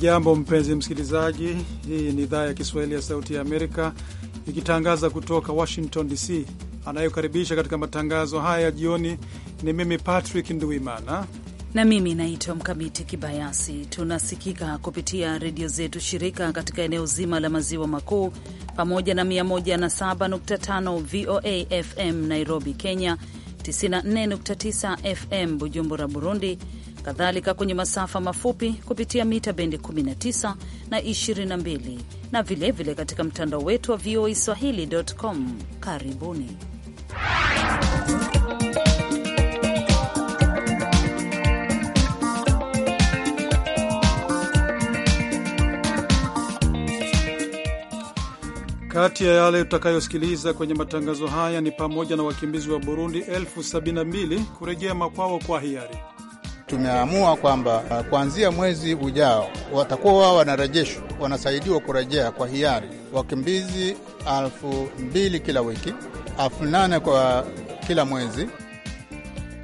Hujambo mpenzi msikilizaji, hii ni idhaa ya Kiswahili ya Sauti ya Amerika ikitangaza kutoka Washington DC. Anayekaribisha katika matangazo haya ya jioni ni mimi Patrick Nduimana na mimi naitwa Mkamiti Kibayasi. Tunasikika kupitia redio zetu shirika katika eneo zima la maziwa makuu pamoja na 107.5 VOA FM Nairobi, Kenya, 94.9 FM Bujumbura, Burundi, kadhalika kwenye masafa mafupi kupitia mita bendi 19 na 22 na vilevile vile katika mtandao wetu wa VOA Swahili.com. Karibuni. Kati ya yale utakayosikiliza kwenye matangazo haya ni pamoja na wakimbizi wa Burundi elfu 72 kurejea makwao kwa hiari tumeamua kwamba uh, kuanzia mwezi ujao watakuwa wao wanarejeshwa, wanasaidiwa kurejea kwa hiari wakimbizi elfu mbili kila wiki, elfu nane kwa kila mwezi.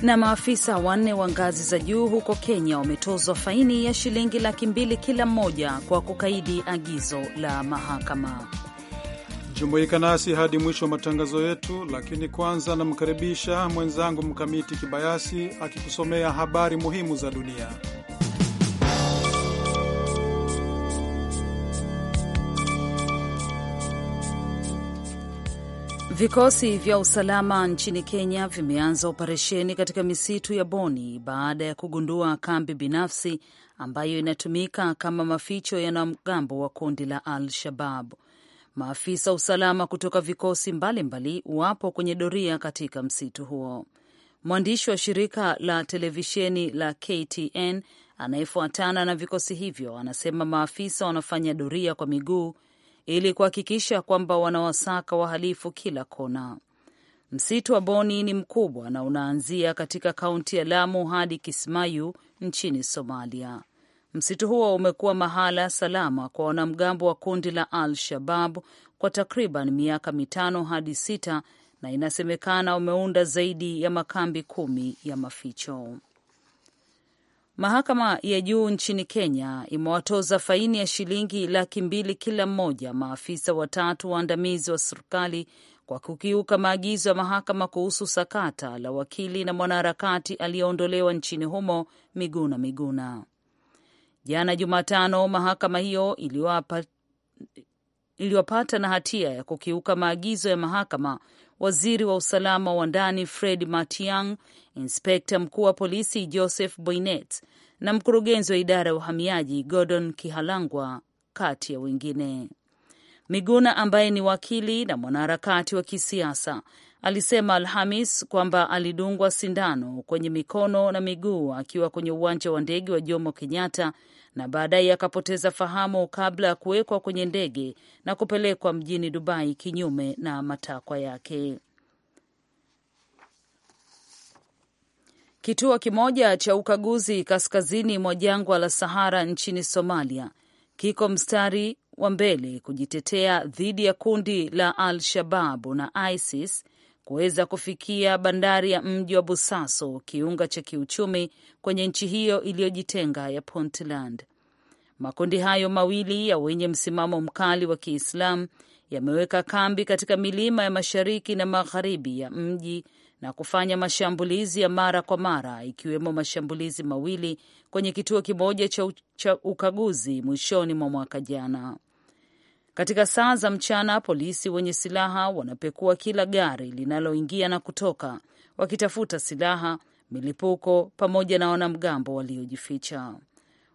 Na maafisa wanne wa ngazi za juu huko Kenya wametozwa faini ya shilingi laki mbili kila mmoja kwa kukaidi agizo la mahakama. Jumuika nasi hadi mwisho wa matangazo yetu, lakini kwanza namkaribisha mwenzangu Mkamiti Kibayasi akikusomea habari muhimu za dunia. Vikosi vya usalama nchini Kenya vimeanza operesheni katika misitu ya Boni baada ya kugundua kambi binafsi ambayo inatumika kama maficho ya wanamgambo wa kundi la Al shababu Maafisa usalama kutoka vikosi mbalimbali mbali wapo kwenye doria katika msitu huo. Mwandishi wa shirika la televisheni la KTN anayefuatana na vikosi hivyo anasema maafisa wanafanya doria kwa miguu ili kuhakikisha kwamba wanawasaka wahalifu kila kona. Msitu wa Boni ni mkubwa na unaanzia katika kaunti ya Lamu hadi Kismayu nchini Somalia. Msitu huo umekuwa mahala salama kwa wanamgambo wa kundi la Al Shabab kwa takriban miaka mitano hadi sita na inasemekana umeunda zaidi ya makambi kumi ya maficho. Mahakama ya juu nchini Kenya imewatoza faini ya shilingi laki mbili kila mmoja maafisa watatu waandamizi wa serikali kwa kukiuka maagizo ya mahakama kuhusu sakata la wakili na mwanaharakati aliyeondolewa nchini humo Miguna Miguna. Jana Jumatano, mahakama hiyo iliwapa iliwapata na hatia ya kukiuka maagizo ya mahakama waziri wa usalama wa ndani Fred Matiang, inspekta mkuu wa polisi Joseph Boinet na mkurugenzi wa idara ya uhamiaji Gordon Kihalangwa, kati ya wengine. Miguna ambaye ni wakili na mwanaharakati wa kisiasa alisema Alhamis kwamba alidungwa sindano kwenye mikono na miguu akiwa kwenye uwanja wa ndege wa Jomo Kenyatta na baadaye akapoteza fahamu kabla ya kuwekwa kwenye ndege na kupelekwa mjini Dubai kinyume na matakwa yake. Kituo kimoja cha ukaguzi kaskazini mwa jangwa la Sahara nchini Somalia kiko mstari wa mbele kujitetea dhidi ya kundi la Al Shababu na ISIS kuweza kufikia bandari ya mji wa Busaso, kiunga cha kiuchumi kwenye nchi hiyo iliyojitenga ya Puntland. Makundi hayo mawili ya wenye msimamo mkali wa Kiislamu yameweka kambi katika milima ya mashariki na magharibi ya mji na kufanya mashambulizi ya mara kwa mara ikiwemo mashambulizi mawili kwenye kituo kimoja cha ukaguzi mwishoni mwa mwaka jana. Katika saa za mchana, polisi wenye silaha wanapekua kila gari linaloingia na kutoka, wakitafuta silaha, milipuko pamoja na wanamgambo waliojificha.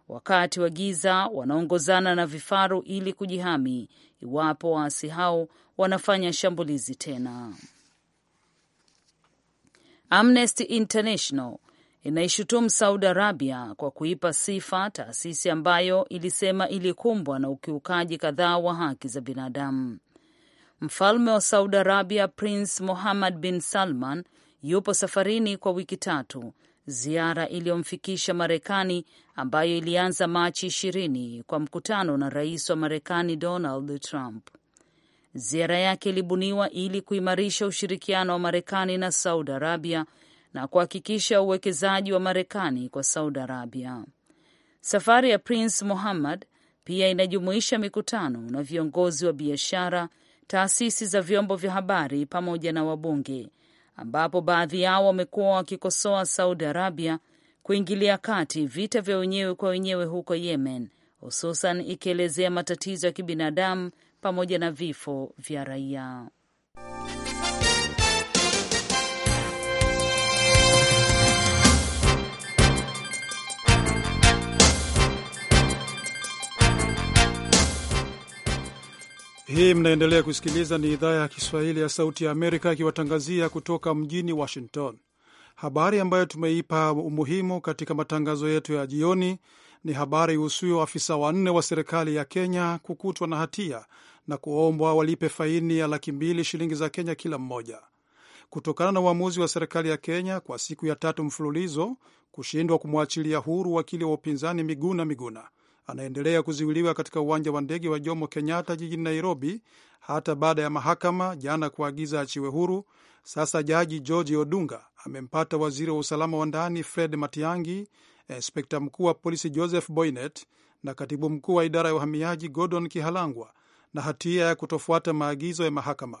Wakati wa giza, wanaongozana na vifaru ili kujihami iwapo waasi hao wanafanya shambulizi tena. Amnesty International inaishutumu Saudi Arabia kwa kuipa sifa taasisi ambayo ilisema ilikumbwa na ukiukaji kadhaa wa haki za binadamu. Mfalme wa Saudi Arabia Prince Mohammed bin Salman yupo safarini kwa wiki tatu, ziara iliyomfikisha Marekani ambayo ilianza Machi ishirini kwa mkutano na rais wa Marekani Donald Trump. Ziara yake ilibuniwa ili kuimarisha ushirikiano wa Marekani na Saudi Arabia na kuhakikisha uwekezaji wa Marekani kwa Saudi Arabia. Safari ya Prince Muhammad pia inajumuisha mikutano na viongozi wa biashara, taasisi za vyombo vya habari pamoja na wabunge, ambapo baadhi yao wamekuwa wakikosoa Saudi Arabia kuingilia kati vita vya wenyewe kwa wenyewe huko Yemen, hususan ikielezea matatizo ya kibinadamu pamoja na vifo vya raia. Hii mnaendelea kusikiliza ni idhaa ya Kiswahili ya Sauti ya Amerika ikiwatangazia kutoka mjini Washington. Habari ambayo tumeipa umuhimu katika matangazo yetu ya jioni ni habari ihusuyo afisa wanne wa serikali ya Kenya kukutwa na hatia na kuombwa walipe faini ya laki mbili shilingi za Kenya kila mmoja kutokana na uamuzi wa serikali ya Kenya kwa siku ya tatu mfululizo kushindwa kumwachilia huru wakili wa upinzani Miguna Miguna anaendelea kuzuiliwa katika uwanja wa ndege wa Jomo Kenyatta jijini Nairobi hata baada ya mahakama jana kuagiza achiwe huru. Sasa jaji George Odunga amempata waziri wa usalama wa ndani Fred Matiang'i, inspekta mkuu wa polisi Joseph Boynet na katibu mkuu wa idara ya uhamiaji Gordon Kihalangwa na hatia ya kutofuata maagizo ya mahakama.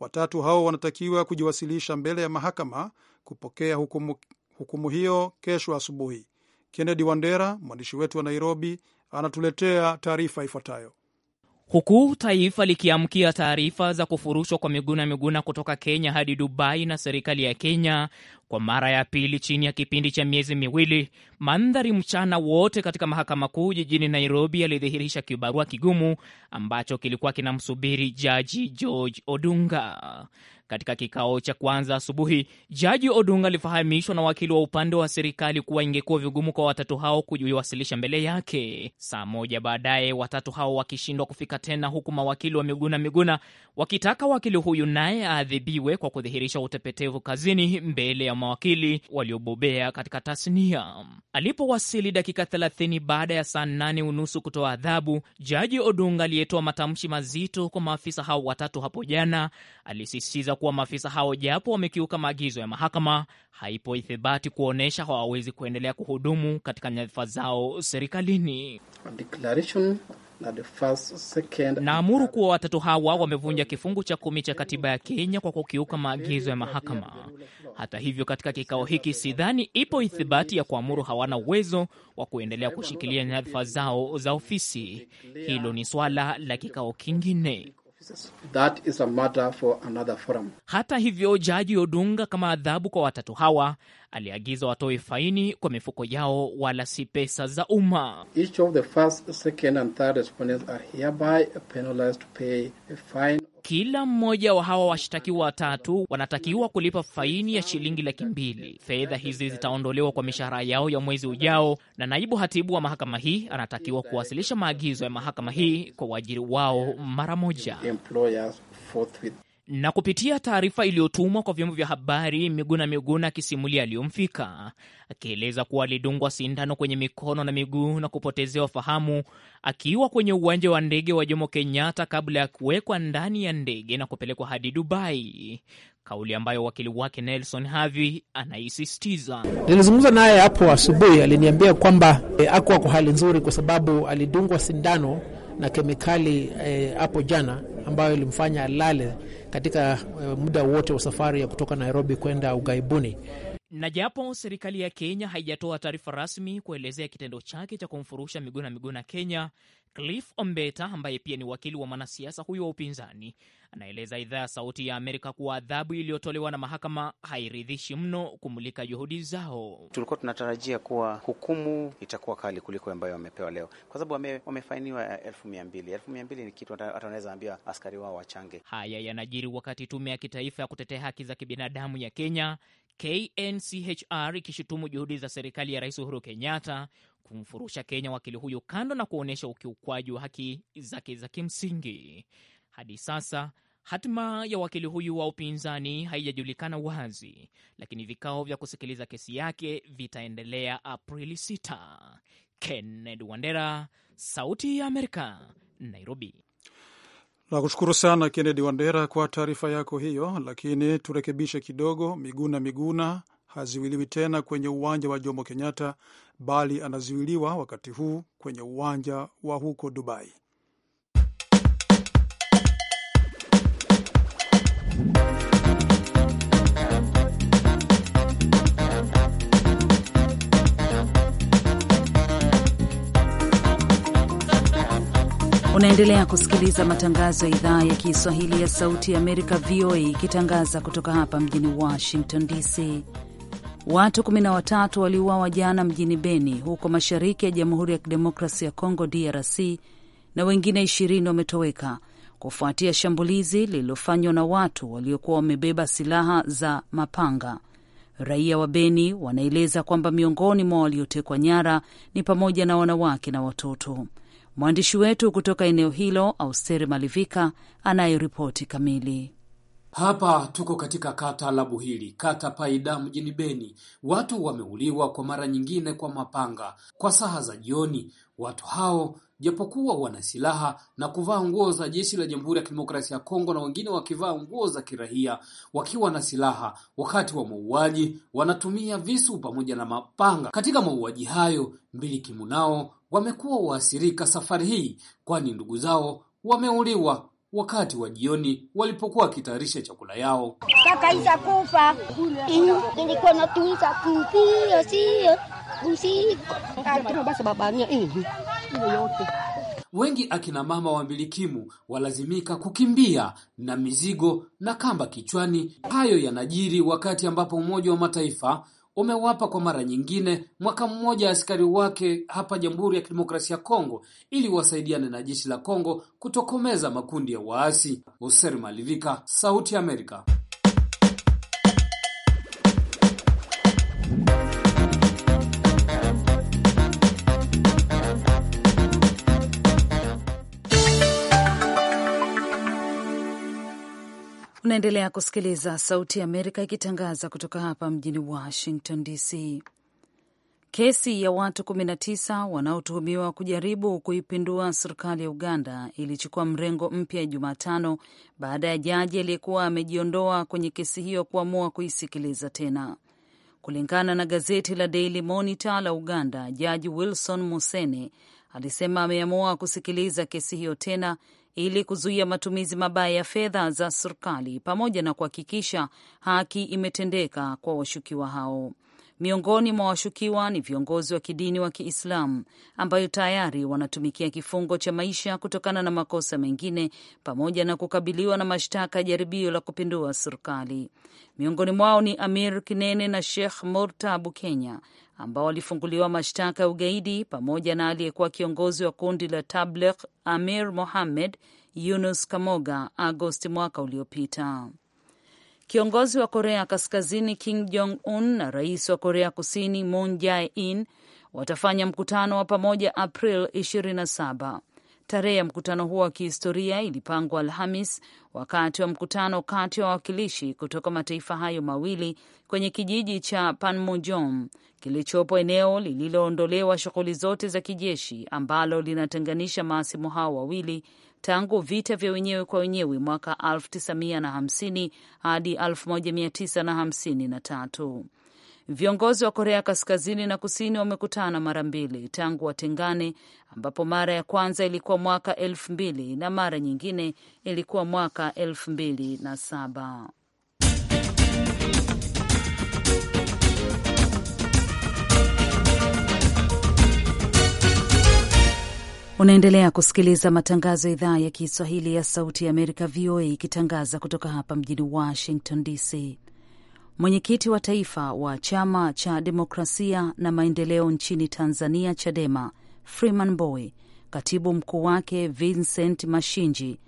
Watatu hao wanatakiwa kujiwasilisha mbele ya mahakama kupokea hukumu, hukumu hiyo kesho asubuhi. Kennedy Wandera, mwandishi wetu wa Nairobi, anatuletea taarifa ifuatayo. Huku taifa likiamkia taarifa za kufurushwa kwa Miguna Miguna kutoka Kenya hadi Dubai na serikali ya Kenya kwa mara ya pili chini ya kipindi cha miezi miwili, mandhari mchana wote katika mahakama kuu jijini Nairobi yalidhihirisha kibarua kigumu ambacho kilikuwa kinamsubiri Jaji George Odunga. Katika kikao cha kwanza asubuhi, Jaji Odunga alifahamishwa na wakili wa upande wa serikali kuwa ingekuwa vigumu kwa watatu hao kujiwasilisha mbele yake. Saa moja baadaye, watatu hao wakishindwa kufika tena, huku mawakili wa Miguna Miguna wakitaka wakili huyu naye aadhibiwe kwa kudhihirisha utepetevu kazini mbele ya mawakili waliobobea katika tasnia. Alipowasili dakika 30 baada ya saa 8 unusu kutoa adhabu, Jaji Odunga aliyetoa matamshi mazito kwa maafisa hao watatu hapo jana alisisitiza la kuwa maafisa hao japo wamekiuka maagizo ya mahakama, haipo ithibati kuonyesha hawawezi kuendelea kuhudumu katika nyadhifa zao serikalini. Naamuru kuwa watatu hawa wamevunja kifungu cha kumi cha katiba ya Kenya kwa kukiuka maagizo ya mahakama. Hata hivyo, katika kikao hiki sidhani ipo ithibati ya kuamuru hawana uwezo wa kuendelea kushikilia nyadhifa zao za ofisi. Hilo ni swala la kikao kingine. That is a matter for another forum. Hata hivyo, Jaji Odunga, kama adhabu kwa watatu hawa, aliagiza watoe faini kwa mifuko yao, wala si pesa za umma. Each of the first, second and third respondents are hereby penalized to pay a fine kila mmoja wa hawa washtakiwa watatu wanatakiwa kulipa faini ya shilingi laki mbili. Fedha hizi zitaondolewa kwa mishahara yao ya mwezi ujao, na naibu hatibu wa mahakama hii anatakiwa kuwasilisha maagizo ya mahakama hii kwa waajiri wao mara moja. Na kupitia taarifa iliyotumwa kwa vyombo vya habari, Miguna Miguna akisimulia aliyomfika, akieleza kuwa alidungwa sindano kwenye mikono na miguu na kupotezewa fahamu akiwa kwenye uwanja wa ndege wa Jomo Kenyatta kabla ya kuwekwa ndani ya ndege na kupelekwa hadi Dubai, kauli ambayo wakili wake Nelson Havi anaisisitiza. Nilizungumza naye hapo asubuhi, aliniambia kwamba e, eh, akuwa kwa hali nzuri kwa sababu alidungwa sindano na kemikali eh, hapo eh, jana ambayo ilimfanya alale katika eh, muda wote wa safari ya kutoka Nairobi kwenda ughaibuni. Na japo serikali ya Kenya haijatoa taarifa rasmi kuelezea kitendo chake cha kumfurusha Miguna Miguna Kenya, Cliff Ombeta ambaye pia ni wakili wa mwanasiasa huyo wa upinzani anaeleza idhaa ya Sauti ya Amerika kuwa adhabu iliyotolewa na mahakama hairidhishi mno kumulika juhudi zao. Tulikuwa tunatarajia kuwa hukumu itakuwa kali kuliko ambayo wamepewa leo, kwa sababu wame, wamefainiwa elfu mia mbili. Elfu mia mbili ni kitu hata wanaweza ambia askari wao wachange. Haya yanajiri wakati tume ya kitaifa ya kutetea haki za kibinadamu ya Kenya KNCHR ikishutumu juhudi za serikali ya Rais Uhuru Kenyatta kumfurusha Kenya wakili huyu kando na kuonyesha ukiukwaji wa haki zake za kimsingi. Hadi sasa Hatima ya wakili huyu wa upinzani haijajulikana wazi, lakini vikao vya kusikiliza kesi yake vitaendelea Aprili 6. Kenneth Wandera, Sauti ya Amerika, Nairobi. Nakushukuru sana Kennedy Wandera kwa taarifa yako hiyo, lakini turekebishe kidogo. Miguna Miguna haziwiliwi tena kwenye uwanja wa Jomo Kenyatta, bali anaziwiliwa wakati huu kwenye uwanja wa huko Dubai. Unaendelea kusikiliza matangazo ya idhaa ya Kiswahili ya Sauti ya Amerika, VOA, ikitangaza kutoka hapa mjini Washington DC. Watu 13 waliuawa jana mjini Beni, huko mashariki ya Jamhuri ya Kidemokrasi ya Kongo, DRC, na wengine 20 wametoweka kufuatia shambulizi lililofanywa na watu waliokuwa wamebeba silaha za mapanga. Raia wa Beni wanaeleza kwamba miongoni mwa waliotekwa nyara ni pamoja na wanawake na watoto. Mwandishi wetu kutoka eneo hilo Austeri Malivika anayeripoti kamili. Hapa tuko katika kata la Buhili, kata Paida, mjini Beni. Watu wameuliwa kwa mara nyingine kwa mapanga kwa saha za jioni. Watu hao japokuwa wana silaha na kuvaa nguo za jeshi la Jamhuri ya Kidemokrasia ya Kongo na wengine wakivaa nguo za kiraia wakiwa na silaha. Wakati wa mauaji wanatumia visu pamoja na mapanga. Katika mauaji hayo, mbilikimu nao wamekuwa waathirika safari hii, kwani ndugu zao wameuliwa wakati wa jioni walipokuwa wakitayarisha chakula yao. Kaka Isa kufa ilikuwa natuiza kumpio sio usiko basi babania yoyote. Wengi akina mama mbilikimu walazimika kukimbia na mizigo na kamba kichwani. Hayo yanajiri wakati ambapo Umoja wa Mataifa umewapa kwa mara nyingine mwaka mmoja askari wake hapa Jamhuri ya Kidemokrasia ya Kongo ili wasaidiane na jeshi la Kongo kutokomeza makundi ya waasi. Hoser Malivika, Sauti ya Amerika. Unaendelea kusikiliza Sauti ya Amerika ikitangaza kutoka hapa mjini Washington DC. Kesi ya watu 19 wanaotuhumiwa kujaribu kuipindua serikali ya Uganda ilichukua mrengo mpya Jumatano baada ya jaji aliyekuwa amejiondoa kwenye kesi hiyo kuamua kuisikiliza tena. Kulingana na gazeti la Daily Monitor la Uganda, Jaji Wilson Musene alisema ameamua kusikiliza kesi hiyo tena ili kuzuia matumizi mabaya ya fedha za serikali pamoja na kuhakikisha haki imetendeka kwa washukiwa hao. Miongoni mwa washukiwa ni viongozi wa kidini wa Kiislamu ambayo tayari wanatumikia kifungo cha maisha kutokana na makosa mengine pamoja na kukabiliwa na mashtaka ya jaribio la kupindua serikali. Miongoni mwao ni Amir Kinene na Sheikh Murtabu Kenya ambao walifunguliwa mashtaka ya ugaidi pamoja na aliyekuwa kiongozi wa kundi la Tabligh Amir Mohammed Yunus Kamoga Agosti mwaka uliopita. Kiongozi wa Korea Kaskazini Kim Jong Un na rais wa Korea Kusini Moon Jae-in watafanya mkutano wa pamoja April 27. Tarehe ya mkutano huo wa kihistoria ilipangwa Alhamis wakati wa mkutano kati ya wa wawakilishi kutoka mataifa hayo mawili kwenye kijiji cha Panmunjom kilichopo eneo lililoondolewa shughuli zote za kijeshi ambalo linatenganisha maasimu hao wawili tangu vita vya wenyewe kwa wenyewe mwaka 1950 hadi 1953. Viongozi wa Korea Kaskazini na Kusini wamekutana mara mbili tangu watengane, ambapo mara ya kwanza ilikuwa mwaka elfu mbili na mara nyingine ilikuwa mwaka elfu mbili na saba. Unaendelea kusikiliza matangazo ya idhaa ya Kiswahili ya Sauti ya Amerika, VOA, ikitangaza kutoka hapa mjini Washington DC. Mwenyekiti wa taifa wa Chama cha Demokrasia na Maendeleo nchini Tanzania, CHADEMA, Freeman Mbowe, katibu mkuu wake Vincent Mashinji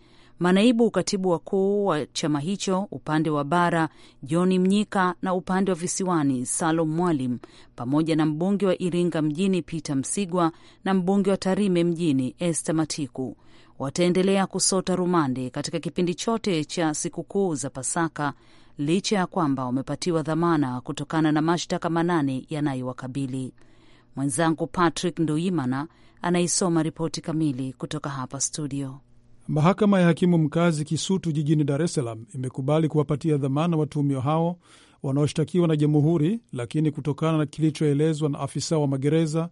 Manaibu katibu wakuu wa chama hicho upande wa bara John Mnyika na upande wa visiwani Salom Mwalim, pamoja na mbunge wa Iringa mjini Peter Msigwa na mbunge wa Tarime mjini Esther Matiku wataendelea kusota rumande katika kipindi chote cha sikukuu za Pasaka licha ya kwamba wamepatiwa dhamana kutokana na mashtaka manane yanayowakabili. Mwenzangu Patrick Nduimana anaisoma ripoti kamili kutoka hapa studio. Mahakama ya hakimu mkazi Kisutu jijini Dar es Salaam imekubali kuwapatia dhamana watuhumiwa hao wanaoshtakiwa na Jamhuri, lakini kutokana na kilichoelezwa na afisa wa magereza,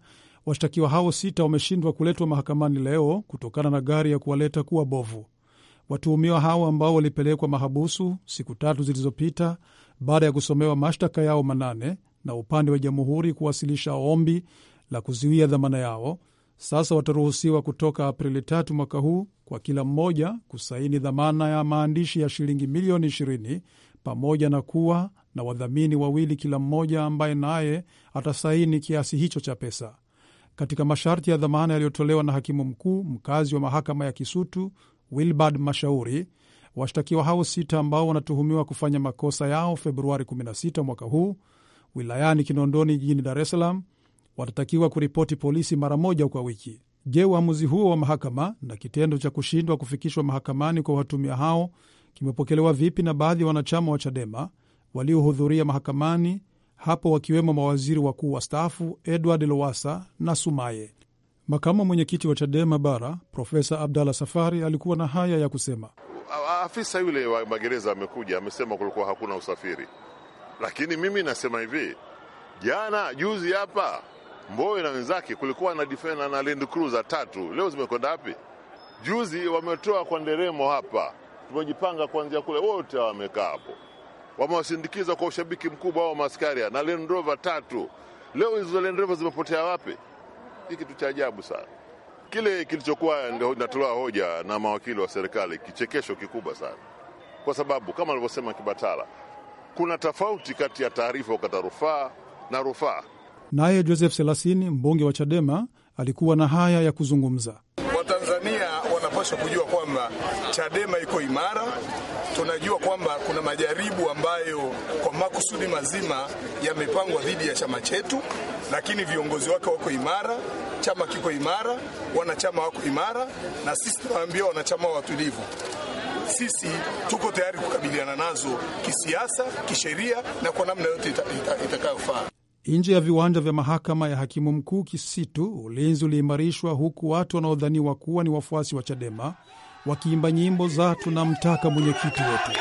washtakiwa hao sita wameshindwa kuletwa mahakamani leo kutokana na gari ya kuwaleta kuwa bovu. Watuhumiwa hao ambao walipelekwa mahabusu siku tatu zilizopita baada ya kusomewa mashtaka yao manane na upande wa Jamhuri kuwasilisha ombi la kuzuia dhamana yao sasa wataruhusiwa kutoka Aprili tatu mwaka huu kwa kila mmoja kusaini dhamana ya maandishi ya shilingi milioni 20 pamoja na kuwa na wadhamini wawili kila mmoja ambaye naye atasaini kiasi hicho cha pesa. Katika masharti ya dhamana yaliyotolewa na hakimu mkuu mkazi wa mahakama ya Kisutu Wilbard Mashauri, washtakiwa hao sita ambao wanatuhumiwa kufanya makosa yao Februari 16 mwaka huu wilayani Kinondoni jijini Dar es Salaam watatakiwa kuripoti polisi mara moja kwa wiki. Je, uamuzi huo wa mahakama na kitendo cha kushindwa kufikishwa mahakamani kwa watumia hao kimepokelewa vipi na baadhi ya wanachama wa Chadema waliohudhuria mahakamani hapo wakiwemo mawaziri wakuu wastaafu Edward Lowasa na Sumaye? Makamu mwenyekiti wa Chadema Bara Profesa Abdalla Safari alikuwa na haya ya kusema. Afisa yule wa magereza amekuja amesema kulikuwa hakuna usafiri, lakini mimi nasema hivi, jana juzi hapa Mbowe na wenzake kulikuwa na Defender na Land Cruiser tatu, leo zimekwenda wapi? Juzi wametoa kwa nderemo hapa, tumejipanga kuanzia kule, wote wamekaa hapo, wamewasindikiza kwa ushabiki mkubwa wa maskaria na Land Rover tatu. Leo hizo Land Rover zimepotea wapi? Hii kitu cha ajabu sana. Kile kilichokuwa natolewa hoja na mawakili wa serikali, kichekesho kikubwa sana, kwa sababu kama alivyosema Kibatala, kuna tofauti kati ya taarifa ukata rufaa na rufaa. Naye Joseph Selasini, mbunge wa Chadema, alikuwa na haya ya kuzungumza. Watanzania wanapaswa kujua kwamba Chadema iko imara. Tunajua kwamba kuna majaribu ambayo kwa makusudi mazima yamepangwa dhidi ya chama chetu, lakini viongozi wake wako imara, chama kiko imara, wanachama wako imara, na sisi tunaambia wanachama watulivu sisi tuko tayari kukabiliana nazo kisiasa, kisheria na kwa namna yote itakayofaa ita, ita Nje ya viwanja vya mahakama ya hakimu mkuu Kisitu, ulinzi uliimarishwa huku watu wanaodhaniwa kuwa ni wafuasi wa Chadema wakiimba nyimbo za tunamtaka mwenyekiti wetu.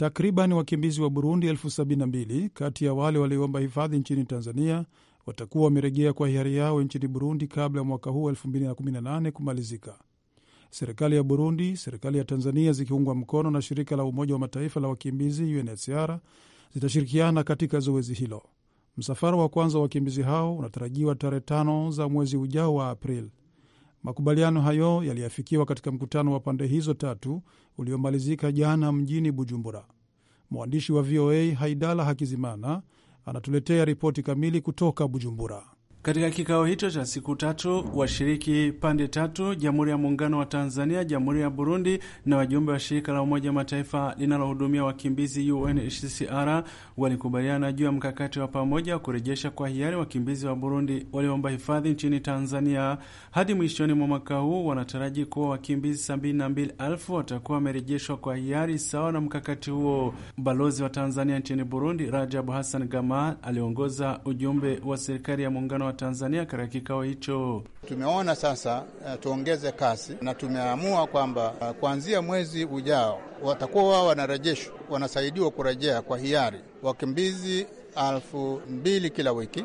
Takriban wakimbizi wa Burundi elfu 72 kati ya wale walioomba hifadhi nchini Tanzania watakuwa wamerejea kwa hiari yao nchini Burundi kabla ya mwaka huu 2018 kumalizika. Serikali ya Burundi, serikali ya Tanzania zikiungwa mkono na shirika la Umoja wa Mataifa la wakimbizi UNHCR zitashirikiana katika zoezi hilo. Msafara wa kwanza wa wakimbizi hao unatarajiwa tarehe tano za mwezi ujao wa Aprili. Makubaliano hayo yaliafikiwa katika mkutano wa pande hizo tatu uliomalizika jana mjini Bujumbura. Mwandishi wa VOA Haidala Hakizimana anatuletea ripoti kamili kutoka Bujumbura. Katika kikao hicho cha siku tatu, washiriki pande tatu, Jamhuri ya Muungano wa Tanzania, Jamhuri ya Burundi na wajumbe wa shirika la Umoja Mataifa linalohudumia wakimbizi UNHCR walikubaliana juu ya mkakati wa pamoja wa kurejesha kwa hiari wakimbizi wa Burundi walioomba hifadhi nchini Tanzania. Hadi mwishoni mwa mwaka huu wanataraji kuwa wakimbizi 72,000 watakuwa wamerejeshwa kwa hiari sawa na mkakati huo. Balozi wa Tanzania nchini Burundi rajab Hassan Gama aliongoza ujumbe wa serikali ya muungano Watanzania katika kikao hicho. Tumeona sasa uh, tuongeze kasi na tumeamua kwamba uh, kuanzia mwezi ujao watakuwa wao wanarejeshwa, wanasaidiwa kurejea kwa hiari wakimbizi elfu mbili kila wiki,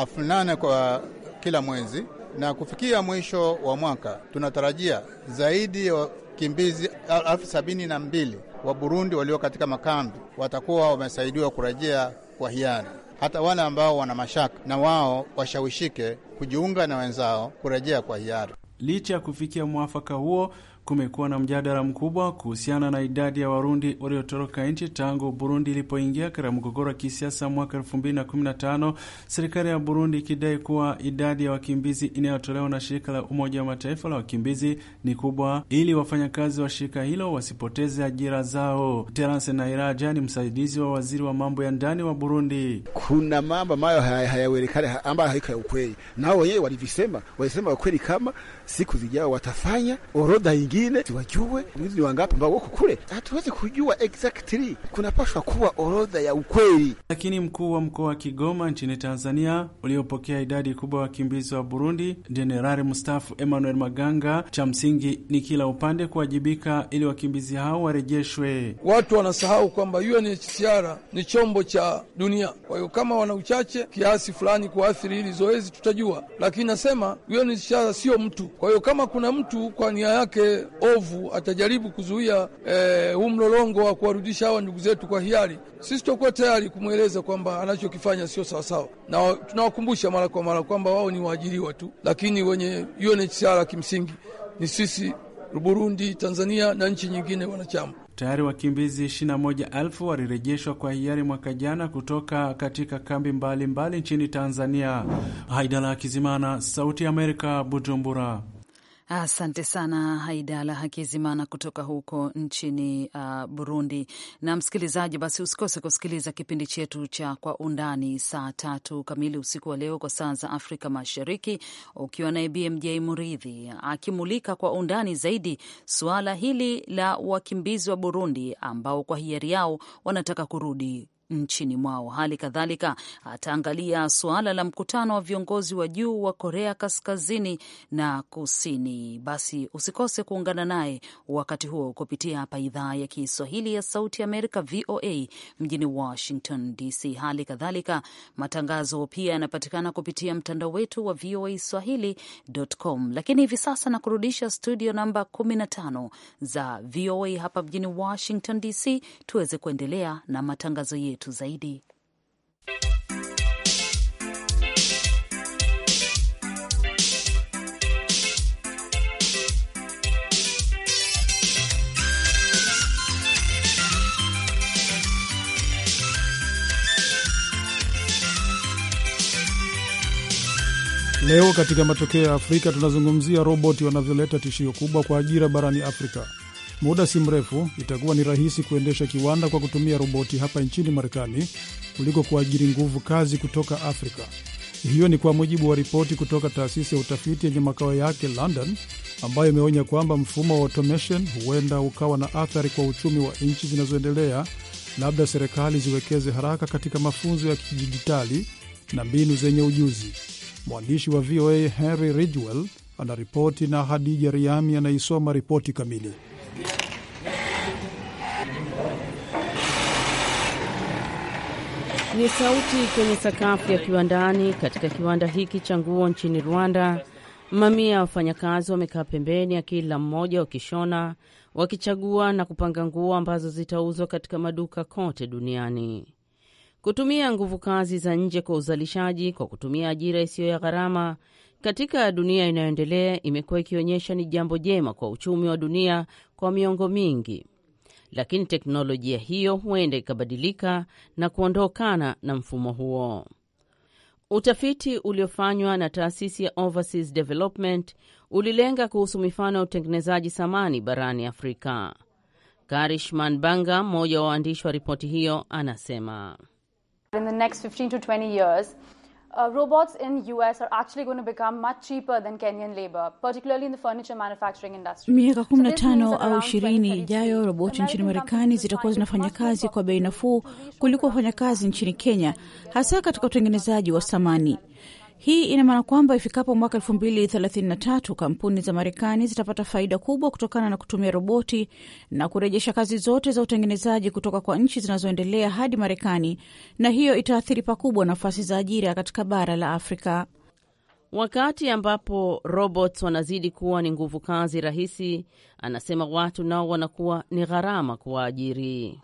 elfu nane kwa kila mwezi, na kufikia mwisho wa mwaka tunatarajia zaidi ya wakimbizi elfu sabini na mbili wa Burundi walio katika makambi watakuwa wamesaidiwa kurejea kwa hiari hata wale ambao wana mashaka na wao washawishike kujiunga na wenzao kurejea kwa hiari. Licha ya kufikia mwafaka huo kumekuwa na mjadala mkubwa kuhusiana na idadi ya Warundi waliotoroka nchi tangu Burundi ilipoingia katika mgogoro wa kisiasa mwaka na kumi tano, serikali ya Burundi ikidai kuwa idadi ya wakimbizi inayotolewa na shirika la Umoja wa Mataifa la wakimbizi ni kubwa, ili wafanyakazi wa shirika hilo wasipoteze ajira zao. Terence Nairaja ni msaidizi wa waziri wa mambo ya ndani wa Burundi. Kuna mambo ambayo hayawelekani ambayo haiko ya ukweli, nao wenyewe walivisema, walisema ukweli kama siku zijao watafanya orodha ingine, siwajue mwizi wangapi ambao wako kule. Hatuwezi kujua exactly, kunapashwa kuwa orodha ya ukweli. Lakini mkuu wa mkoa wa Kigoma nchini Tanzania uliopokea idadi kubwa ya wakimbizi wa Burundi, jenerali mstaafu Emmanuel Maganga, cha msingi ni kila upande kuwajibika ili wakimbizi hao warejeshwe. Watu wanasahau kwamba UNHCR ni chombo cha dunia, kwa hiyo kama wana uchache kiasi fulani kuathiri hili zoezi tutajua, lakini nasema UNHCR sio mtu kwa hiyo kama kuna mtu kwa nia yake ovu atajaribu kuzuia e, mlolongo wa kuwarudisha hawa ndugu zetu kwa hiari, sisi tutakuwa tayari kumweleza kwamba anachokifanya sio sawasawa, na tunawakumbusha mara kwa mara kwamba wao ni waajiriwa tu, lakini wenye UNHCR kimsingi ni sisi Burundi, Tanzania na nchi nyingine wanachama. Tayari wakimbizi 21,000 walirejeshwa kwa hiari mwaka jana kutoka katika kambi mbalimbali mbali nchini Tanzania. Haidala Kizimana, Sauti ya Amerika, Bujumbura. Asante sana Haidala Hakizimana kutoka huko nchini uh, Burundi. Na msikilizaji, basi usikose kusikiliza kipindi chetu cha Kwa Undani saa tatu kamili usiku wa leo kwa saa za Afrika Mashariki, ukiwa naye BMJ Muridhi akimulika kwa undani zaidi suala hili la wakimbizi wa Burundi ambao kwa hiari yao wanataka kurudi nchini mwao. Hali kadhalika ataangalia suala la mkutano wa viongozi wa juu wa Korea Kaskazini na Kusini. Basi usikose kuungana naye wakati huo kupitia hapa idhaa ya Kiswahili ya Sauti Amerika, VOA mjini Washington DC. Hali kadhalika matangazo pia yanapatikana kupitia mtandao wetu wa VOA Swahili.com, lakini hivi sasa nakurudisha studio namba 15 za VOA hapa mjini Washington DC tuweze kuendelea na matangazo yetu wetu zaidi. Leo katika matokeo ya Afrika tunazungumzia roboti wanavyoleta tishio kubwa kwa ajira barani Afrika. Muda si mrefu itakuwa ni rahisi kuendesha kiwanda kwa kutumia roboti hapa nchini Marekani kuliko kuajiri nguvu kazi kutoka Afrika. Hiyo ni kwa mujibu wa ripoti kutoka taasisi ya utafiti yenye makao yake London, ambayo imeonya kwamba mfumo wa automation huenda ukawa na athari kwa uchumi wa nchi zinazoendelea. Labda serikali ziwekeze haraka katika mafunzo ya kidijitali na mbinu zenye ujuzi. Mwandishi wa VOA Henry Ridgwell anaripoti na Hadija Riami anaisoma ripoti kamili. Ni sauti kwenye sakafu ya kiwandani katika kiwanda hiki cha nguo nchini Rwanda. Mamia ya wafanyakazi wamekaa pembeni ya kila mmoja, wakishona, wakichagua na kupanga nguo ambazo zitauzwa katika maduka kote duniani. Kutumia nguvu kazi za nje kwa uzalishaji kwa kutumia ajira isiyo ya gharama katika dunia inayoendelea imekuwa ikionyesha ni jambo jema kwa uchumi wa dunia kwa miongo mingi lakini teknolojia hiyo huenda ikabadilika na kuondokana na mfumo huo. Utafiti uliofanywa na taasisi ya Overseas Development ulilenga kuhusu mifano ya utengenezaji samani barani Afrika. Karishman Banga, mmoja wa waandishi wa ripoti hiyo, anasema In the next 15 to 20 years, uh, robots in US are actually going to become much cheaper than Kenyan labor, particularly in the furniture manufacturing industry. Miaka 15 tano au 20 ijayo roboti nchini Marekani zitakuwa zinafanya kazi kwa bei nafuu kuliko wafanyakazi nchini Kenya, hasa katika utengenezaji wa samani. Hii ina maana kwamba ifikapo mwaka tatu kampuni za Marekani zitapata faida kubwa kutokana na kutumia roboti na kurejesha kazi zote za utengenezaji kutoka kwa nchi zinazoendelea hadi Marekani, na hiyo itaathiri pakubwa nafasi za ajira katika bara la Afrika. Wakati ambapo robots wanazidi kuwa ni nguvu kazi rahisi, anasema watu nao wanakuwa ni gharama kuwaajiri.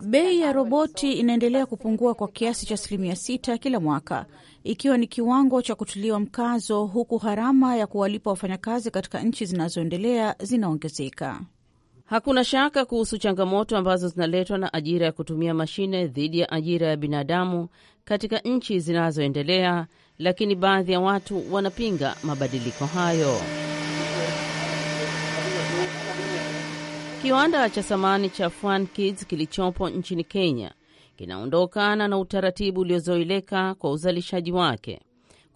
Bei ya roboti inaendelea kupungua kwa kiasi cha asilimia sita kila mwaka, ikiwa ni kiwango cha kutuliwa mkazo, huku gharama ya kuwalipa wafanyakazi katika nchi zinazoendelea zinaongezeka. Hakuna shaka kuhusu changamoto ambazo zinaletwa na ajira ya kutumia mashine dhidi ya ajira ya binadamu katika nchi zinazoendelea, lakini baadhi ya watu wanapinga mabadiliko hayo. Kiwanda cha samani cha Fun Kids kilichopo nchini Kenya kinaondokana na utaratibu uliozoeleka kwa uzalishaji wake.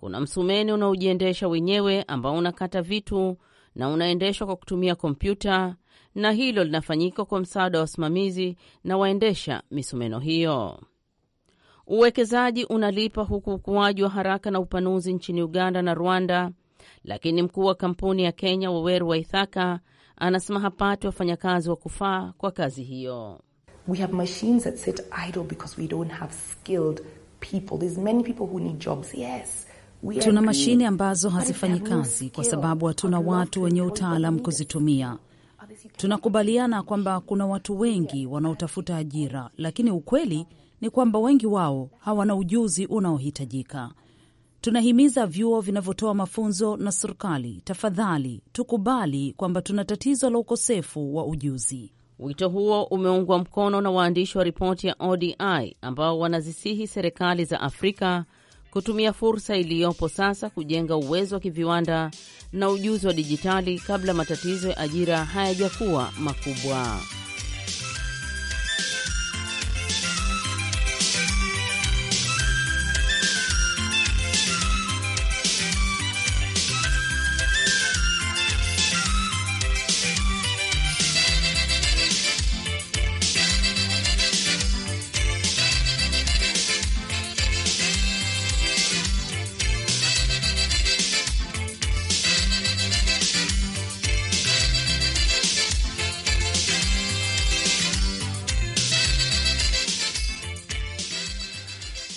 Kuna msumeni unaojiendesha wenyewe ambao unakata vitu na unaendeshwa kwa kutumia kompyuta na hilo linafanyika kwa msaada wa wasimamizi na waendesha misumeno hiyo. Uwekezaji unalipa huku ukuaji wa haraka na upanuzi nchini Uganda na Rwanda, lakini mkuu wa kampuni ya Kenya Waweru wa ithaka anasema hapati wafanyakazi wa kufaa kwa kazi hiyo. We have machines that sit idle because we don't have skilled people. There's many people who need jobs. Yes. Tuna mashine ambazo hazifanyi kazi kwa sababu hatuna watu wenye utaalam kuzitumia. Tunakubaliana kwamba kuna watu wengi wanaotafuta ajira, lakini ukweli ni kwamba wengi wao hawana ujuzi unaohitajika. Tunahimiza vyuo vinavyotoa mafunzo na serikali, tafadhali tukubali kwamba tuna tatizo la ukosefu wa ujuzi. Wito huo umeungwa mkono na waandishi wa ripoti ya ODI ambao wanazisihi serikali za Afrika kutumia fursa iliyopo sasa kujenga uwezo wa kiviwanda na ujuzi wa dijitali kabla matatizo ya ajira hayajakuwa makubwa.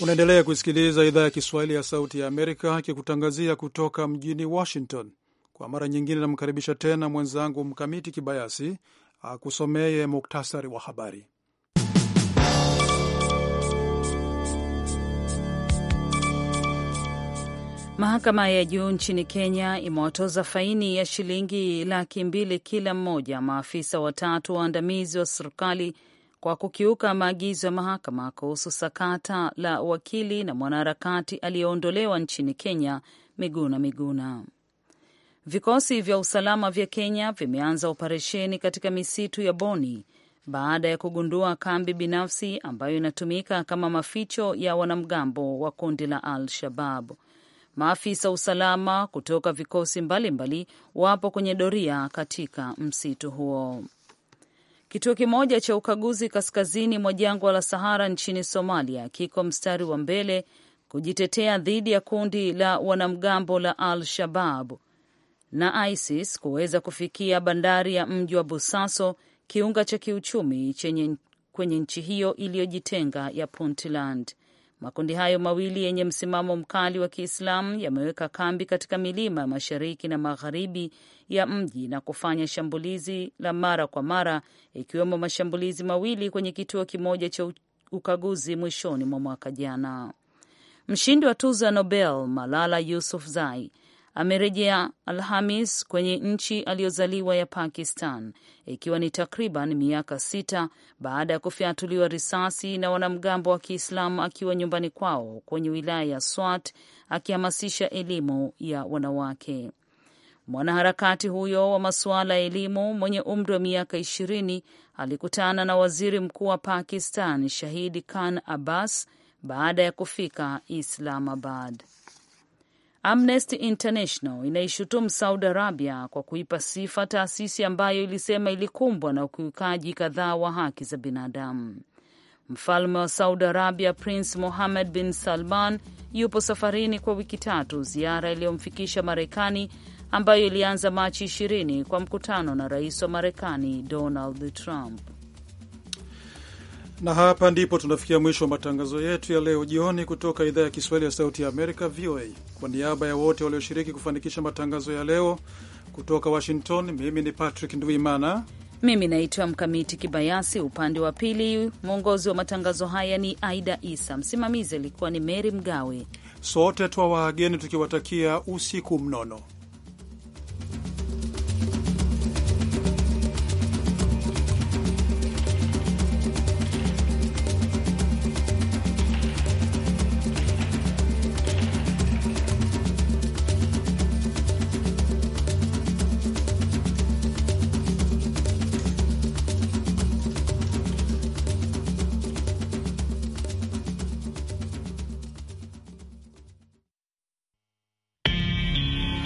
Unaendelea kusikiliza idhaa ya Kiswahili ya Sauti ya Amerika akikutangazia kutoka mjini Washington. Kwa mara nyingine, namkaribisha tena mwenzangu Mkamiti Kibayasi akusomeye muktasari wa habari. Mahakama ya juu nchini Kenya imewatoza faini ya shilingi laki mbili kila mmoja maafisa watatu waandamizi wa serikali kwa kukiuka maagizo ya mahakama kuhusu sakata la wakili na mwanaharakati aliyeondolewa nchini Kenya Miguna Miguna. Vikosi vya usalama vya Kenya vimeanza operesheni katika misitu ya Boni baada ya kugundua kambi binafsi ambayo inatumika kama maficho ya wanamgambo wa kundi la Al-Shabab. Maafisa usalama kutoka vikosi mbalimbali mbali wapo kwenye doria katika msitu huo. Kituo kimoja cha ukaguzi kaskazini mwa jangwa la Sahara nchini Somalia kiko mstari wa mbele kujitetea dhidi ya kundi la wanamgambo la Al-Shabab na ISIS kuweza kufikia bandari ya mji wa Busaso, kiunga cha kiuchumi chenye kwenye nchi hiyo iliyojitenga ya Puntland. Makundi hayo mawili yenye msimamo mkali wa Kiislamu yameweka kambi katika milima ya mashariki na magharibi ya mji na kufanya shambulizi la mara kwa mara, ikiwemo mashambulizi mawili kwenye kituo kimoja cha ukaguzi mwishoni mwa mwaka jana. Mshindi wa tuzo ya Nobel Malala zai amerejea Alhamis kwenye nchi aliyozaliwa ya Pakistan, ikiwa ni takriban miaka sita baada ya kufyatuliwa risasi na wanamgambo wa Kiislamu akiwa nyumbani kwao kwenye wilaya ya Swat akihamasisha elimu ya wanawake. Mwanaharakati huyo wa masuala ya elimu mwenye umri wa miaka ishirini alikutana na waziri mkuu wa Pakistan Shahid Khan Abbas baada ya kufika Islamabad. Amnesty International inaishutumu Saudi Arabia kwa kuipa sifa taasisi ambayo ilisema ilikumbwa na ukiukaji kadhaa wa haki za binadamu. Mfalme wa Saudi Arabia Prince Mohammed bin Salman yupo safarini kwa wiki tatu, ziara iliyomfikisha Marekani ambayo ilianza Machi 20 kwa mkutano na rais wa Marekani Donald Trump. Na hapa ndipo tunafikia mwisho wa matangazo yetu ya leo jioni kutoka idhaa ya Kiswahili ya Sauti ya Amerika, VOA. Kwa niaba ya wote walioshiriki kufanikisha matangazo ya leo kutoka Washington, mimi ni Patrick Ndwimana, mimi naitwa Mkamiti Kibayasi. Upande wa pili, mwongozi wa matangazo haya ni Aida Isa, msimamizi alikuwa ni Meri Mgawe. Sote twa waageni tukiwatakia usiku mnono.